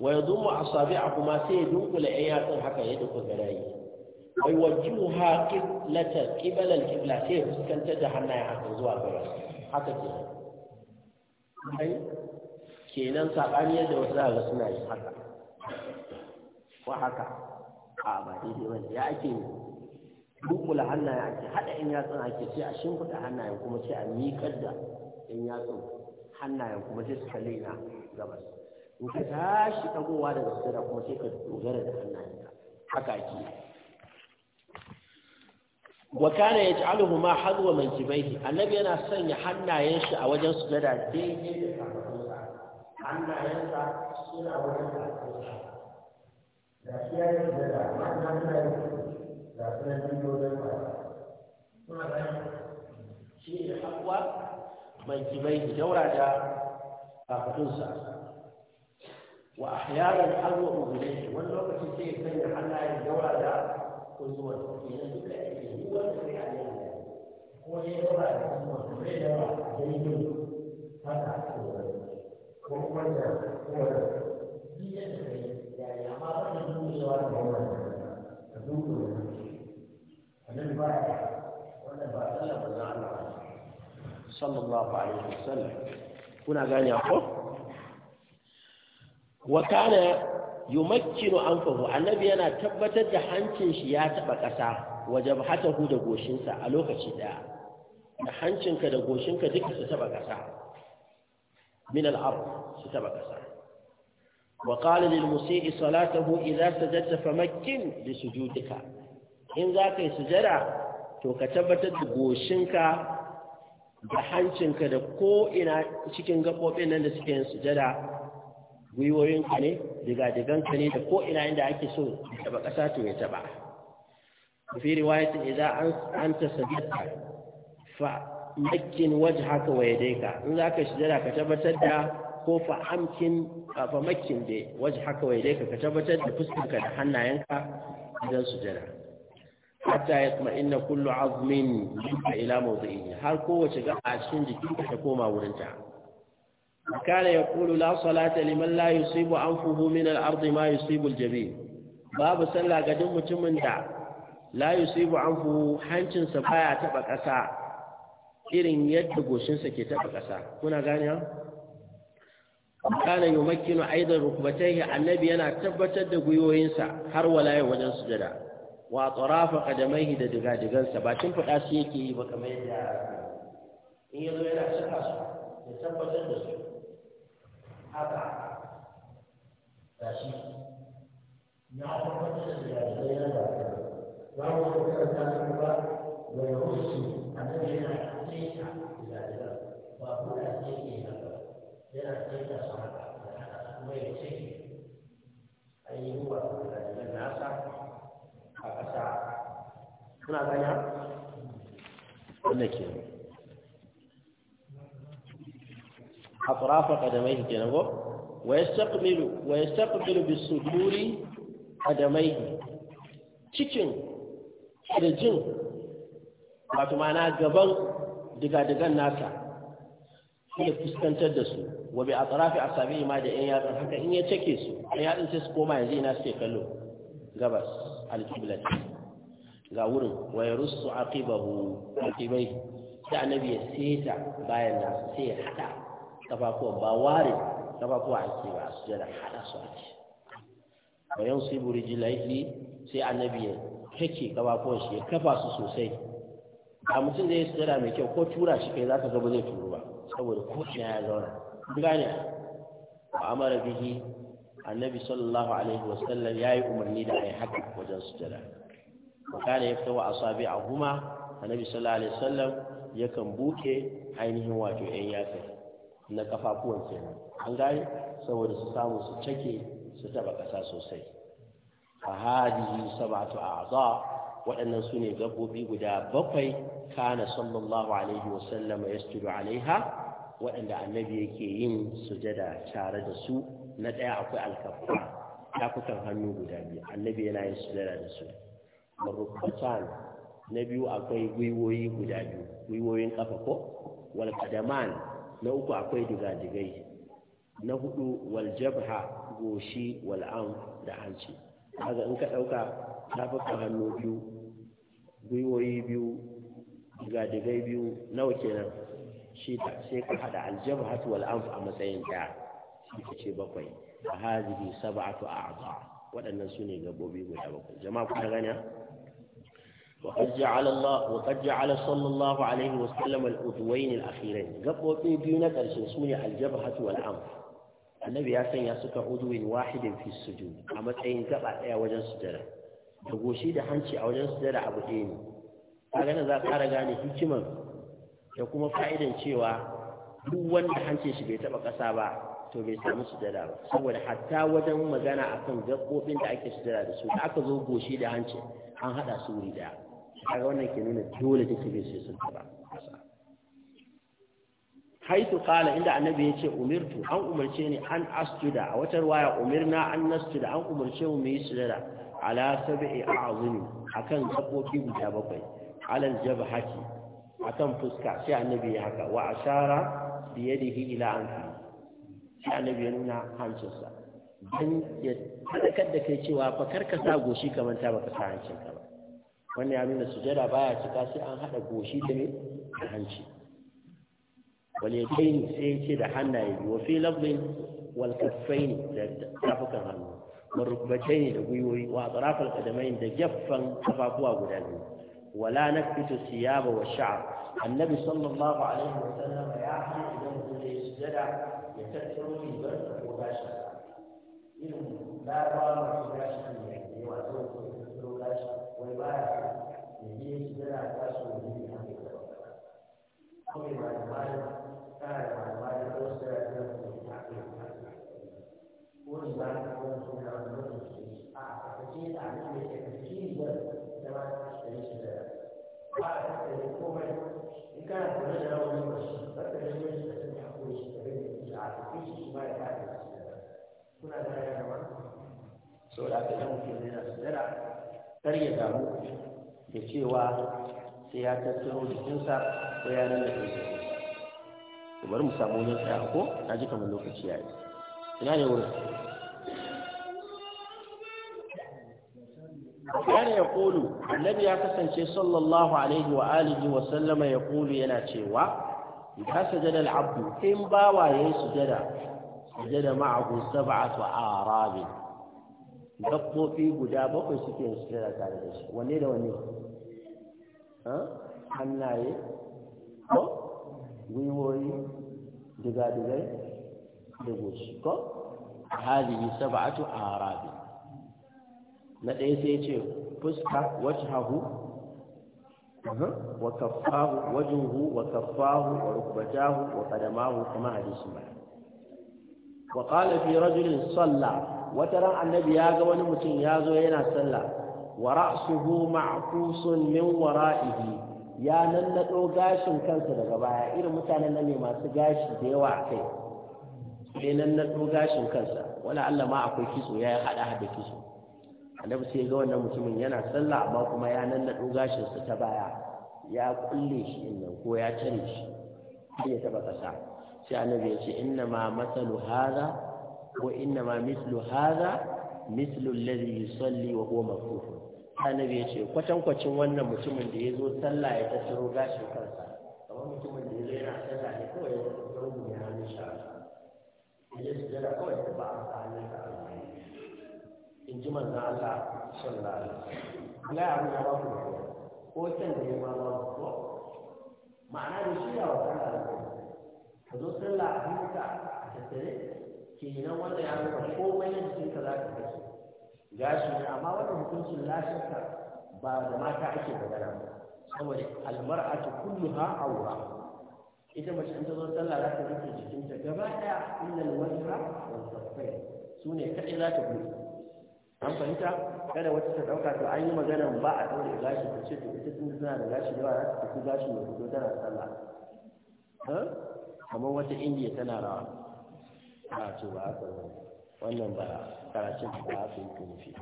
A: wa yadummu asabi'ahu ma sai dunkula ayyatan haka yadda kuka garayi. wai wajibu ha kiblata kiblalar kibla sai fuskantar da hannayen haka zuwa gaba haka ke ai kenan saɓani yadda wasu zaga suna yi haka ko haka a ba daidai wanda ya ake yi dukkula hannayen ake haɗa in yatsun ake ce a shimfiɗa hannayen kuma ce a miƙar da in yatsun hannayen kuma sai su kalli na gabas in ka tashi ɗagowa daga sujada kuma sai ka dogara da hannayenka haka ake yi wa kana yaj'aluhu ma hadwa mankibaihi annabi yana sanya hannayen shi a wajen sujada daidai da hannayen sa suna da wajen wa wani lokacin sai ya sanya hannayen daura da هو الذي عليه هو يرى هو يرى عليه هذا هو وهو هو يعني أمر أن يسوى هو النبي صلى الله عليه وسلم كنا غاني أخو وكان yumakkinu anfahu annabi yana tabbatar da hancin shi ya taba kasa wajen hatahu da goshinsa a lokaci daya da hancinka da goshinka duka su taba kasa min al-ard su taba kasa wa qala lil musii salatahu idha sajadta famakkin li sujudika in za ka yi sujada to ka tabbatar da goshinka da hancinka da ko ina cikin gabobin nan da suke yin sujada gwiwoyinka ne digadiganka ne da koina ina inda ake so ya taba ƙasa to ya taba fi riwayatin idan an ta sajjata fa makkin wajhaka wa yadayka in zaka sujada ka tabbatar da ko fa amkin fa makkin dai wajhaka wa yadayka ka tabbatar da fuskarka da hannayenka idan sujada hatta yatma'inna kullu azmin ila mawdi'ihi har kowace ga a cikin jikinka ta koma wurinta ya yaqulu la salata liman la yusibu anfuhu min al-ard ma yusibu al-jabin babu sallah ga duk mutumin da la yusibu anfuhu hancinsa baya taba kasa irin yadda goshinsa ke taba kasa kuna gane kana yumakkinu aidan rukbatayhi annabi yana tabbatar da guyoyinsa har walaye wajen sujada wa tarafa qadamaihi da digadigansa ba tun fada shi yake yi ba kamar yadda in yazo yana saka su ya tabbatar da su haka ga shi na farko da yare ya ba ta ba mu da karanta su ba wa yahushi annabi ta tsaya da ba ku da ke ke haka yana tsaya su haka da haka kuma ya ce ayyuwa da yare nasa a ƙasa kuna ganya wannan ke atrafa qadamaihi kenan go wa yastaqbilu wa yastaqbilu bisuduri cikin kirjin wato ma'ana gaban diga-digan nasa ya fuskantar da su wa bi atrafi asabihi ma da yan yatsun haka in ya cake su yan yatsun sai su koma yanzu ina suke kallo gabas alqiblat ga wurin wa yarussu aqibahu aqibai da annabi ya seta bayan nasa sai ya hada kafafuwan ba ware kafafuwa ake ba a jada hada su ake bayan sai buri laifi sai annabi ya kake kafafuwan shi ya kafa su sosai a mutum zai sujada mai kyau ko tura shi kai za ka gaba zai turu ba saboda ko ina ya zauna gane wa amara bihi annabi sallallahu alaihi wasallam yi umarni da ai haka wajen sujada wa kana a huma, annabi sallallahu alaihi wasallam yakan buke ainihin wato 'yan yatsa na kafafuwan kenan an gaye saboda su samu su cake su taba ƙasa sosai a hadihi sabatu a'za waɗannan su ne gabobi guda bakwai kana sallallahu alaihi wasallam yasjudu alaiha waɗanda annabi yake yin sujada tare da su na ɗaya akwai alkafa tafukan hannu guda biyu annabi yana yin sujada da su marukatan na biyu akwai gwiwoyi guda biyu gwiwoyin ƙafa ko wal kadaman na uku akwai digadigai na hudu wal jabha goshi wal da hanci kaga in ka dauka tafukan hannu biyu gwiwoyi biyu digadigai biyu nawa kenan shi ta sai ka haɗa aljabha, wal anf a matsayin ɗaya. shi ta ce bakwai biyu, saba'atu sab'atu a'dha waɗannan sune gabobi guda bakwai jama'a kuna gane وقد جعل الله وقد جعل صلى الله عليه وسلم الأذوين الأخيرين قبل بيونا كرشن سوني الجبهة والعمر النبي يا سنيا سكا أذو واحد في السجود أما تين قبع يا وجن سجرة تقوشي ده حنشي أو وجن سجرة أبو تين أنا ذا كارغاني هكما يقوم فائدا شيوا duk wanda hancin shi bai taba kasa ba to bai samu sujada ba saboda hatta wajen magana akan gaɓoɓin da ake sujada da su da aka zo goshi da hancin an haɗa su wuri ɗaya kaga wannan ke nuna dole take bai sai sun ba haitu kala inda annabi ya ce umirtu an umarce ni an asjuda a wata ruwaya umirna an nasjuda an umarce mu yi sujada ala sab'i a'zumi akan gabobi guda bakwai alal jabhati akan fuska sai annabi ya haka wa ashara bi yadihi ila anfi sai annabi ya nuna hancinsa dan ya sadakar da kai cewa fa karka sa goshi kamar ta baka sa hancinka ba wannan ya nuna sujada baya cika sai an hada goshi da ne da hanci wale kain sai ce da hannaye wa fi lafzin wal kaffain da tafukan hannu marubatai rukbatain da gwiwoyi wa al qadamain da jaffan kafafuwa guda biyu wala nakfitu siyaba wa sha'r annabi sallallahu alaihi wa sallam ya hana idan mutum ya sujada ya tattaro ribar da ko gashi irin larabawa masu gashi ne ya ke wato ko gashi wai ba yana ta so ne a kai kuma malamai tana da malamai da wasu da ta yi a kai ko ne ba ta kawo su na wani lokaci a kace da abin da ke cikin da da ba ta shi shi da ba ta da komai in ka da wani da wani ba ta da shi da ta hakuri shi da rage shi a kai shi ma da ta shi kuna da rayuwa saboda haka idan mutum yana sujada kar ya damu da cewa sai ya tattaro jikinsa ko ya nan da ke ke bari mu samu wajen tsaya ko na ji kamar lokaci ya yi ina ne wurin kana ya kulu annabi ya kasance sallallahu alaihi wa alihi wa sallama ya kulu yana cewa idan sajada al-abdu in su yayin sujada sujada ma'ahu sab'atu arabin dabbobi guda bakwai suke yin tare da shi wanne da wanne hannaye ko gwiwoyi digadigai da goshi ko halihi a harabi? na ɗaya sai ce fuska wacce wa wajen hu wa kafahu wa hu wa hu kuma hadisin ba wa ƙalafi fi rajulin wata ran annabi ya ga wani mutum ya zo yana sallah wa ra'suhu ma'kusun min wara'ihi ya nannado gashin kansa daga baya irin mutanen nan ne masu gashi da yawa a kai sai nannado gashin kansa wala Allah ma akwai kiso ya hada hada kiso annabi sai ga wannan mutumin yana sallah amma kuma ya nannado gashin sa ta baya ya kulle shi nan ko ya cire shi sai ya taba kasa sai annabi ya ce inna ma masalu hadha ko inna ma mislu hadha mislu alladhi yusalli wa huwa mafuf annabi yace kwatan kwacin wannan mutumin da yazo sallah ya tattaro gashin kansa kamar mutumin da yazo yana sallah ne kawai ya tattaro mu ya hannun shi ya ji da kawai ba a sani ka in ji manzon Allah sallallahu alaihi wasallam Allah ya rubuta ba ku ko san da ya ma ba ku ma'ana da shi ya wa sallah ka zo sallah a hannunka a tattare kenan wanda ya rufe komai na jikinka za ka kashe gashi ne amma wannan hukuncin lafiyarka ba da mata ake magana ba saboda almar'atu kulluha awra ita mace in ta zo sallah za ta rufe jikinta gaba daya illal wajha wal kaffayn su ne kaɗai za ta rufe an fahimta kada wata ta ɗauka, to an yi magana ba a daure gashi ta ce to ita tun tana da gashi da yawa za ta tafi gashi mai fito tana sallah kamar wata indiya tana rawa a to ba haka ba wannan ba karatun ba yi nufi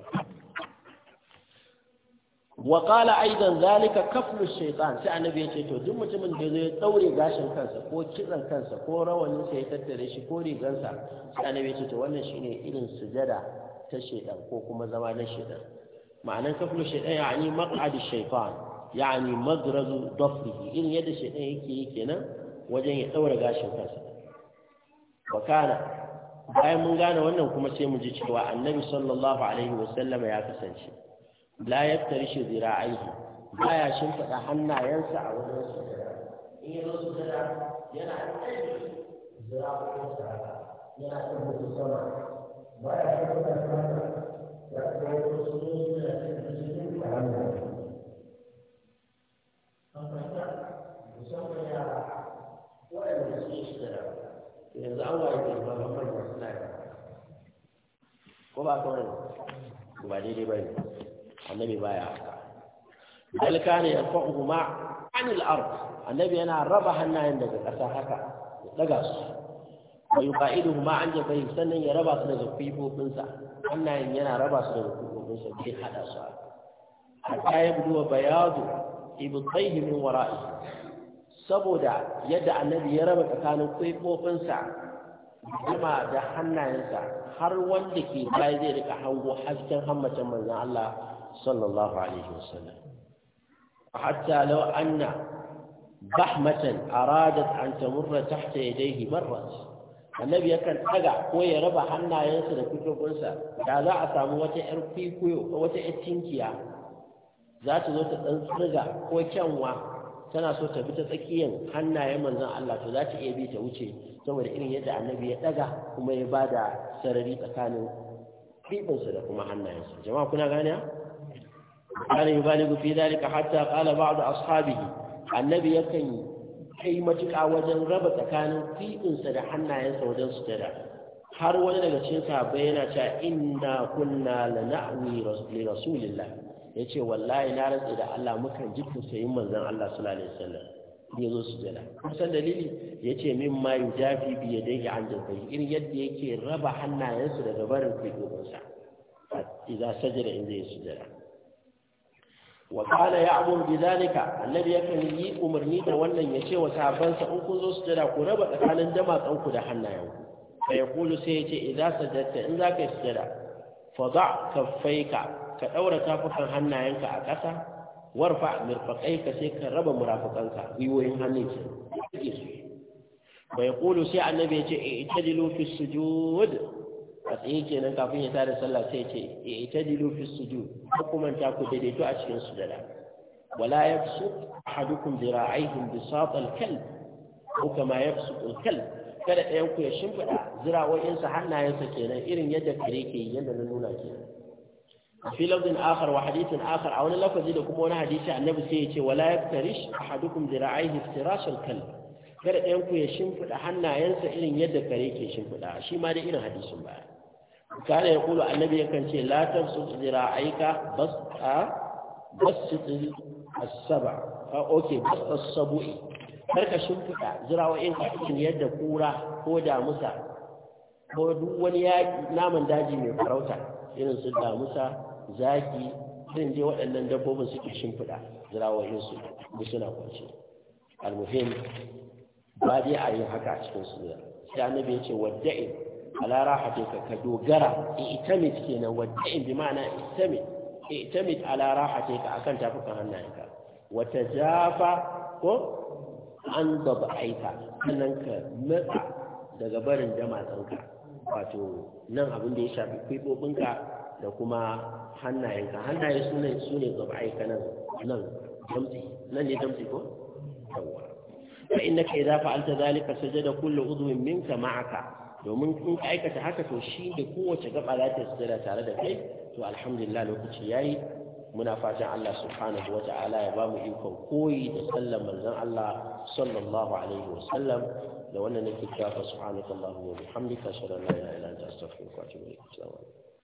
A: wa kala aidan zalika kaflu shaytan sai annabi ya ce to duk mutumin da zai daure gashin kansa ko kitsan kansa ko rawanin sa ya tattare shi ko rigansa sai annabi ya ce to wannan shine irin sujada ta shaytan ko kuma zama na shaytan ma'anan kaflu shaytan yani maq'ad shaytan yani madrazu dafri irin yadda shaytan yake yi kenan wajen ya daure gashin kansa wakala bayan mun gane wannan kuma sai mu ji cewa annabi sallallahu alaihi wasallam ya kasance la yaftarishi zira'aihi baya shimfiɗa hannayensa a wajen sujada in yi zo sujada yana tsaye zira'aikinsa yana tsaye sama baya shimfiɗa hannayensa ya tsaye wasu suna cikin hannayensa an fahimta musamman yara waɗanda suke sujada yanzu an ba ba mai suna ko ba ka wani ba daidai ba ne annabi baya haka bal kana yarfa'uhu ma anil ard annabi yana raba hannayen daga ƙasa haka ya daga su wa yuqaiduhu ma an jabai sannan ya raba su daga kufofinsa hannayen yana raba su daga kufofinsa ke hada su a hatta ya buduwa ibu ibtaihi min wara'i saboda yadda annabi ya raba tsakanin kwaifofinsa kuma da hannayensa har wanda ke baya zai rika hango hasken hammacin manzan Allah sallallahu alaihi wasallam hatta law anna bahmatan aradat an tamurra tahta yadayhi marrat annabi yakan daga ko ya raba hannayensa da kutukunsa da za a samu wata yar kwikwiyo wata yar tinkiya za ta zo ta tsantsirga ko kyanwa tana so ta bi ta tsakiyan hannayen manzan Allah to za ta iya bi ta wuce saboda irin yadda annabi ya daga kuma ya ba da sarari tsakanin fifinsu da kuma hannayensu jama'a kuna gani ya kana gufi zari ka hatta ba da ashabihi annabi yakan kai matuƙa wajen raba tsakanin fifinsa da hannayensa wajen sujada har wani daga cikin sahabbai yana cewa inna kunna lana'wi rasulillah ya ce wallahi na rantse da Allah mukan ji tusayin manzan Allah sallallahu alaihi wasallam ya zo su jira kusan dalili ya ce min ma yi jafi biya da yake an jafi irin yadda yake raba hannayensu daga barin kwaikwaikonsa idan sajira in zai su jira wa kana ya abu bi zalika annabi yakan yi umarni da wannan ya ce wa sahabbansa in kun zo su jira ku raba tsakanin damatsanku da hannayenku fa yaqulu sai ya ce idza sajadta in zaka yi sujada fa da kaffaika ka ɗaura tafukan hannayenka a ƙasa warfa mirfaƙai ka sai ka raba murafukanka gwiwoyin hannun ki su bai kulu sai annabi ya ce i'tadilu su sujud a tsaye kenan kafin ya tare sallah sai ya ce i'tadilu fi sujud su kuma ta ku daidaito a cikin da. wala ya fi su hadukun jira dira'aihi bisat al-kalb ko kama yabsu al-kalb kada ɗayan ku ya shimfiɗa zirawoyinsa hannayensa kenan irin yadda kare ke yadda na nuna kenan fi lafzin akhar wa hadithin akhar a wani lafazi da kuma wani hadisi annabi sai ya ce wala yaftarish ahadukum dira'aihi iftirash al-kalb kada ɗayan ku ya shimfida hannayensa irin yadda kare ke shimfida shi ma da irin hadisin ba kana ya kula annabi yakan ce la tabsut dira'aika bas a basit as-saba bas as-sabu'i kar ka shimfida zirawoyin ka cikin yadda kura ko damusa ko duk wani naman daji mai farauta irin su damusa zaki irin dai waɗannan dabbobin suke shimfiɗa jirawahin su da suna kwanci almuhim ba dai a yi haka a cikin sura sai annabi ya ce wadda'in ala rahati ka dogara i'tamid kenan wadda'in bi ma'ana i'tamid i'tamid ala ka akan tafukan hannayenka Wata jafa ko an aika? sannan ka matsa daga barin damatsanka wato nan abin da ya shafi kwibobinka da kuma hannayenka hannaye su ne su ne gaba aika nan nan damtsi nan ne damtsi ko yawwa fa innaka idza fa'alta zalika sajada kullu udwin minka ma'aka domin in ka aikata haka to shi da kowace gaba za ta sujada tare da kai to alhamdulillah lokaci yi muna fatan Allah subhanahu wata'ala ya bamu ikon koyi da sallan manzon Allah sallallahu alaihi wa sallam da wannan nake cewa subhanakallahumma wa bihamdika ashhadu an la ilaha illa anta astaghfiruka wa atubu ilaik